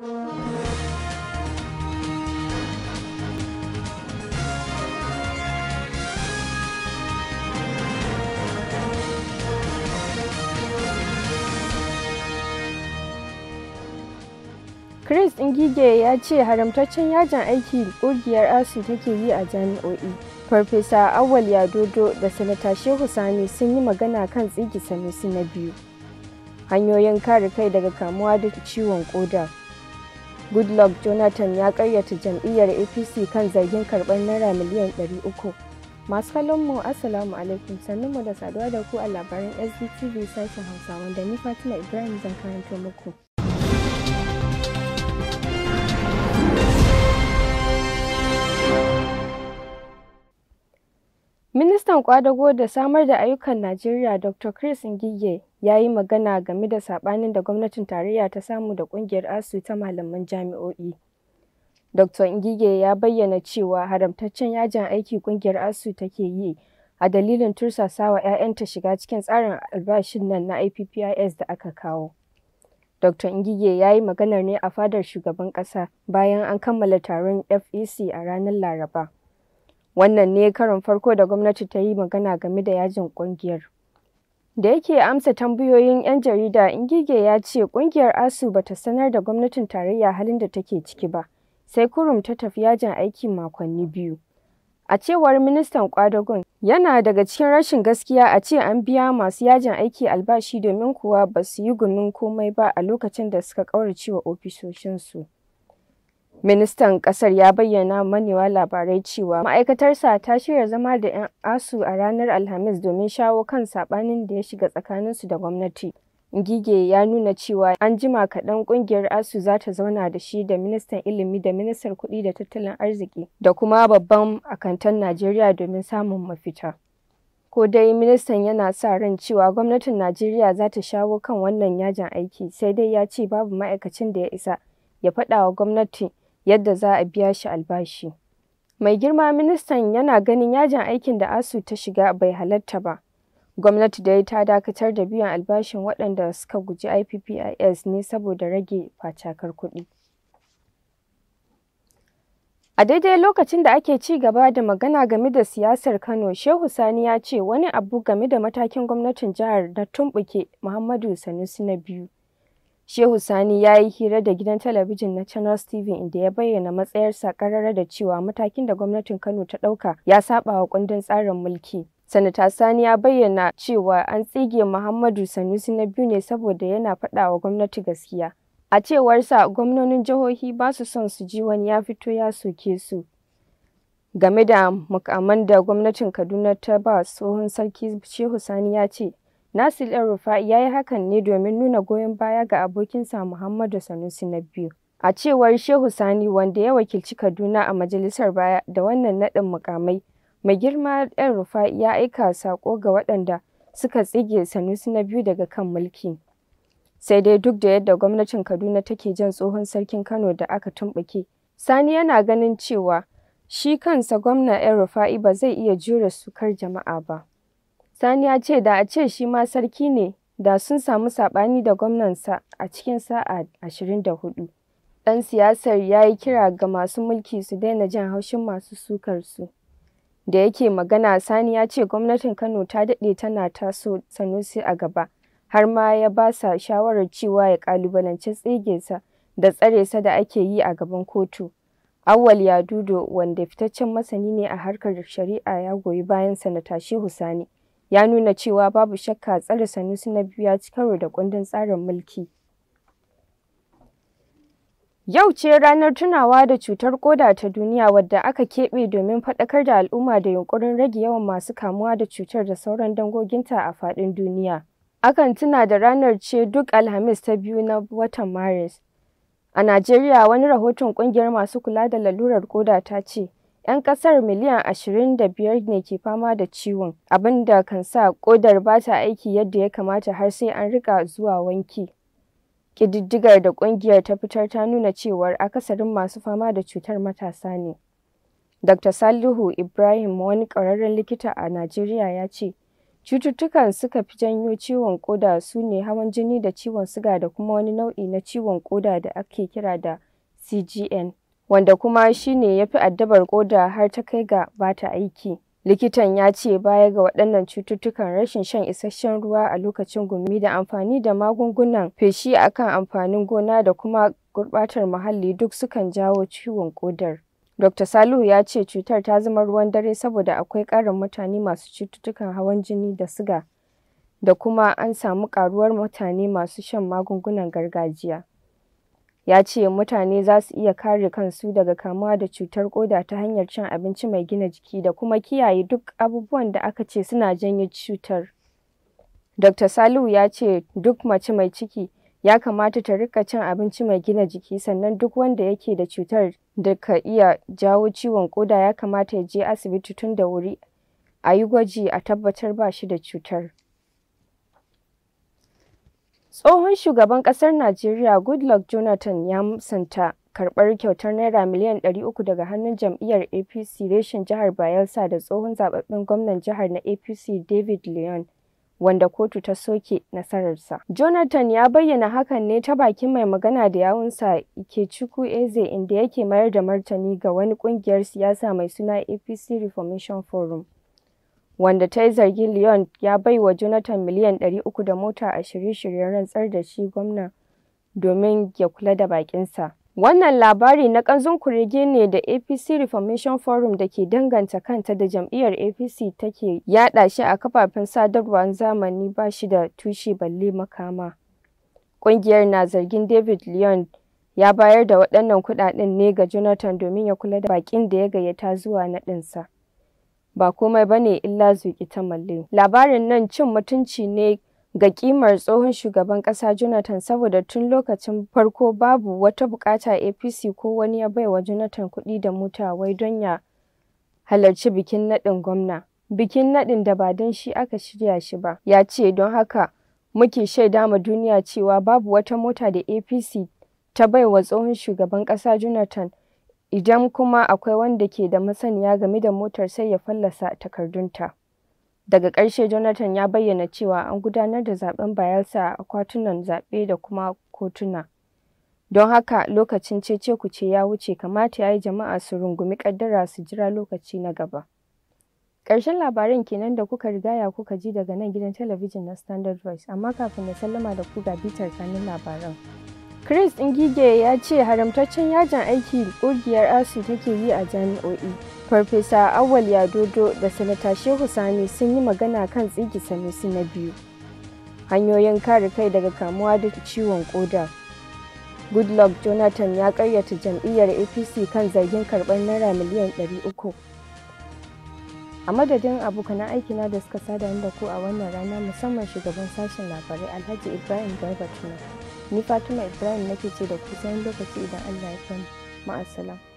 Chris Ngige ya ce haramtaccen yajin aiki ƙungiyar ASU take yi a jami'o'i. Farfesa Awal dodo da Sanata Shehu Sani sun yi magana kan tsigi Sanusi na biyu. Hanyoyin kare kai daga kamuwa da ciwon koda. goodluck jonathan ya karyata jam'iyyar apc kan zargin karɓar naira miliyan 300 masu kallon mu assalamu alaikum sannan mu da saduwa da ku a labaran sdtv sashen hausawa wanda ni fatima ibrahim zan karanta muku Ministan kwadago da Samar da Ayyukan Najeriya Dr. Chris Ngige ya yi magana game da saɓanin da gwamnatin tarayya ta samu da ƙungiyar asu ta malaman jami'o'i. Dr. Ngige ya bayyana cewa haramtaccen yajin aiki ƙungiyar ASU take yi a dalilin tursasawa 'ya'yanta shiga cikin tsarin albashin nan na IPPIS da aka kawo. Dr. Ngige ya yi maganar ne a fadar shugaban ƙasa bayan an kammala taron FEC a ranar Laraba. Wannan ne karin farko da gwamnati ta yi magana game da yajin ƙungiyar. Da yake amsa tambayoyin 'yan jarida, Ngige ya ce ƙungiyar asu ba ta sanar da gwamnatin tarayya halin da take ciki ba, sai kurum ta tafi yajin aiki makonni biyu. A cewar ministan kwadagon, yana daga cikin rashin gaskiya a ce an biya masu yajin aiki albashi domin kuwa ba su yi gumin komai ba a lokacin da suka ƙaurace wa ofisoshinsu. Ministan ƙasar ya bayyana manewa labarai cewa ma'aikatarsa ta shirya zama da 'yan asu a ranar Alhamis domin shawo kan saɓanin da ya shiga tsakaninsu da gwamnati. Ngige ya nuna cewa an jima kaɗan ƙungiyar ASU za ta zauna da shi da ministan ilimi da ministan kuɗi da tattalin arziki da kuma babban akantan Najeriya domin samun mafita. Ko dai ministan yana sa ran cewa gwamnatin Najeriya za ta shawo kan wannan yajin aiki sai dai ya ce babu ma'aikacin da ya isa ya faɗa wa gwamnati yadda za a biya shi albashi. Mai girma ministan yana ganin yajin aikin da ASU ta shiga bai halatta ba. Gwamnati dai ta dakatar da biyan albashin waɗanda suka guji IPPIS ne saboda rage facakar kuɗi. A daidai lokacin da ake ci gaba da magana game da siyasar Kano, Shehu Sani ya ce wani abu game da matakin gwamnatin jihar na tumɓuke Muhammadu Sanusi na biyu. Shehu Sani ya yi hira da gidan talabijin na Channel TV inda ya bayyana matsayarsa karara da cewa matakin da gwamnatin Kano ta ɗauka ya saba wa kundin tsarin mulki. Sanata Sani ya bayyana cewa an tsige Muhammadu Sanusi na biyu ne saboda yana faɗa wa gwamnati gaskiya. A cewar sa gwamnonin jihohi ba su son su ji wani ya fito ya soke su. Game da mukaman da gwamnatin Kaduna ta ba tsohon sarki Shehu Sani ya ce, Nasir El-Rufai ya yi hakan ne domin nuna goyon baya ga abokinsa Muhammadu Sanusi na biyu. A cewar Shehu Sani wanda ya wakilci Kaduna a majalisar baya da wannan naɗin mukamai, mai girma El-Rufai ya aika saƙo ga waɗanda suka tsige Sanusi na biyu daga kan mulki. Sai dai duk da yadda gwamnatin Kaduna take jan tsohon sarkin Kano da aka tumɓuke, Sani yana ganin cewa shi kansa gwamna El-Rufai ba zai iya jure sukar jama'a ba. Sani ya ce da a ce shi ma sarki ne da sun samu saɓani da gwamnansa a cikin sa'a 24. Ɗan siyasar ya yi kira ga masu mulki su daina jan haushin masu sukar su. Da yake magana Sani ya ce gwamnatin Kano ta daɗe tana taso Sanusi a gaba, har ma ya ba sa shawarar cewa ya ƙalubalance tsegesa da tsare sa da ake yi a gaban kotu. Awwal Yadudo wanda fitaccen masani ne a harkar shari'a ya goyi bayan sanata Shehu Sani. ya nuna cewa babu shakka tsare Sanusi na biyu ya ci karo da kundin tsarin mulki. Yau ce ranar tunawa da cutar koda ta duniya wadda aka keɓe domin faɗakar da al'umma da yunkurin rage yawan masu kamuwa da cutar da sauran dangoginta a faɗin duniya. Akan tuna da ranar ce duk Alhamis ta biyu na watan Maris. A Najeriya, wani rahoton ƙungiyar masu kula da lalurar koda ta ce, 'Yan ƙasar miliyan 25 ne ke fama da ciwon, abin da kan sa ƙodar ba ta aiki yadda ya kamata har sai an riƙa zuwa wanki. Ƙididdigar da ƙungiyar ta fitar ta nuna cewar akasarin masu fama da cutar matasa ne. Dr. Salihu Ibrahim, wani ƙwararren likita a Najeriya ya ce, Cututtukan suka fi janyo ciwon ƙoda su ne hawan jini da ciwon suga da kuma wani nau'i na ciwon ƙoda da ake kira da CGN. wanda kuma shi ne ya fi addabar ƙoda har ta kai ga ba ta aiki. Likitan ya ce baya ga waɗannan cututtukan rashin shan isasshen ruwa a lokacin gumi da amfani da magungunan feshi akan amfanin gona da kuma gurɓatar muhalli duk sukan jawo ciwon ƙodar. Dr. Salihu ya ce cutar ta zama ruwan dare saboda akwai ƙarin mutane masu cututtukan hawan jini da siga da kuma an samu ƙaruwar mutane masu shan magungunan gargajiya. Ya ce mutane za su iya kare kansu daga kamuwa da cutar koda ta hanyar cin abinci mai gina jiki da kuma kiyaye duk abubuwan da aka ce suna janyo cutar. Dr. Salihu ya ce duk mace mai ciki ya kamata ta rika cin abinci mai gina jiki sannan duk wanda yake da cutar da ka iya jawo ciwon ƙoda ya kamata ya je asibiti tun da wuri a yi gwaji a tabbatar ba shi da cutar. Tsohon shugaban ƙasar Najeriya Goodluck Jonathan ya musanta karɓar kyautar Naira miliyan 300 daga hannun jam'iyyar APC reshen jihar Bayelsa da tsohon zaɓaɓɓen gwamnan jihar na APC David Leon wanda kotu ta soke nasararsa. Jonathan ya bayyana hakan ne ta bakin mai magana da yawunsa ke Ikechukwu Eze inda yake mayar da martani ga wani ƙungiyar siyasa mai suna APC Reformation Forum. wanda ta yi zargin Leon ya bai wa Jonathan miliyan 300 da mota a shirye-shiryen rantsar da shi gwamna domin ya kula da bakinsa. Wannan labari na kanzon kurege ne da APC Reformation Forum da ke danganta kanta da jam'iyyar APC take yada shi a kafafen sadarwa zamani ba shi da tushe balle makama. Ƙungiyar na zargin David Leon ya bayar da waɗannan kuɗaɗen ne ga Jonathan domin ya kula da baƙin da ya gayyata zuwa naɗinsa. ba komai ba ne illa zuƙi ta malle. Labarin nan cin mutunci ne ga kimar tsohon shugaban ƙasa Jonathan saboda tun lokacin farko babu wata buƙata APC ko wani ya baiwa Jonathan kuɗi da mota wai don ya halarci bikin naɗin gwamna. Bikin naɗin da ba don shi aka shirya shi ba, ya ce don haka muke shaida ma duniya cewa babu wata mota da APC ta baiwa tsohon shugaban ƙasa Jonathan Idan kuma akwai wanda ke da masaniya game da motar sai ya fallasa takardunta. Daga ƙarshe Jonathan ya bayyana cewa an gudanar da zaben Bayelsa a akwatunan zaɓe da kuma kotuna, don haka lokacin cece-kuce ya wuce, kamata ya yi jama'a su rungumi ƙaddara su jira lokaci na gaba. Ƙarshen labaran kenan da kuka rigaya kuka ji daga nan gidan talabijin na Standard Voice, amma kafin na sallama da ku ga bitar kanin labaran. Chris Ngige ya ce haramtaccen yajin aiki ƙungiyar ASU take yi a jami'o'i. Farfesa Awal Yadodo da Sanata Shehu Sani sun yi magana kan tsigi Sanusi na biyu. Hanyoyin kare kai daga kamuwa da ciwon ƙoda. Goodluck Jonathan ya karyata jam'iyyar APC kan zargin karɓar naira miliyan 300. A madadin abokan aikina da suka sada da ku a wannan rana musamman shugaban sashen labarai Alhaji Ibrahim Garba Tuna. ni fatima ibrahim nake ce da kusan lokaci idan allah ya kan mu ma'asala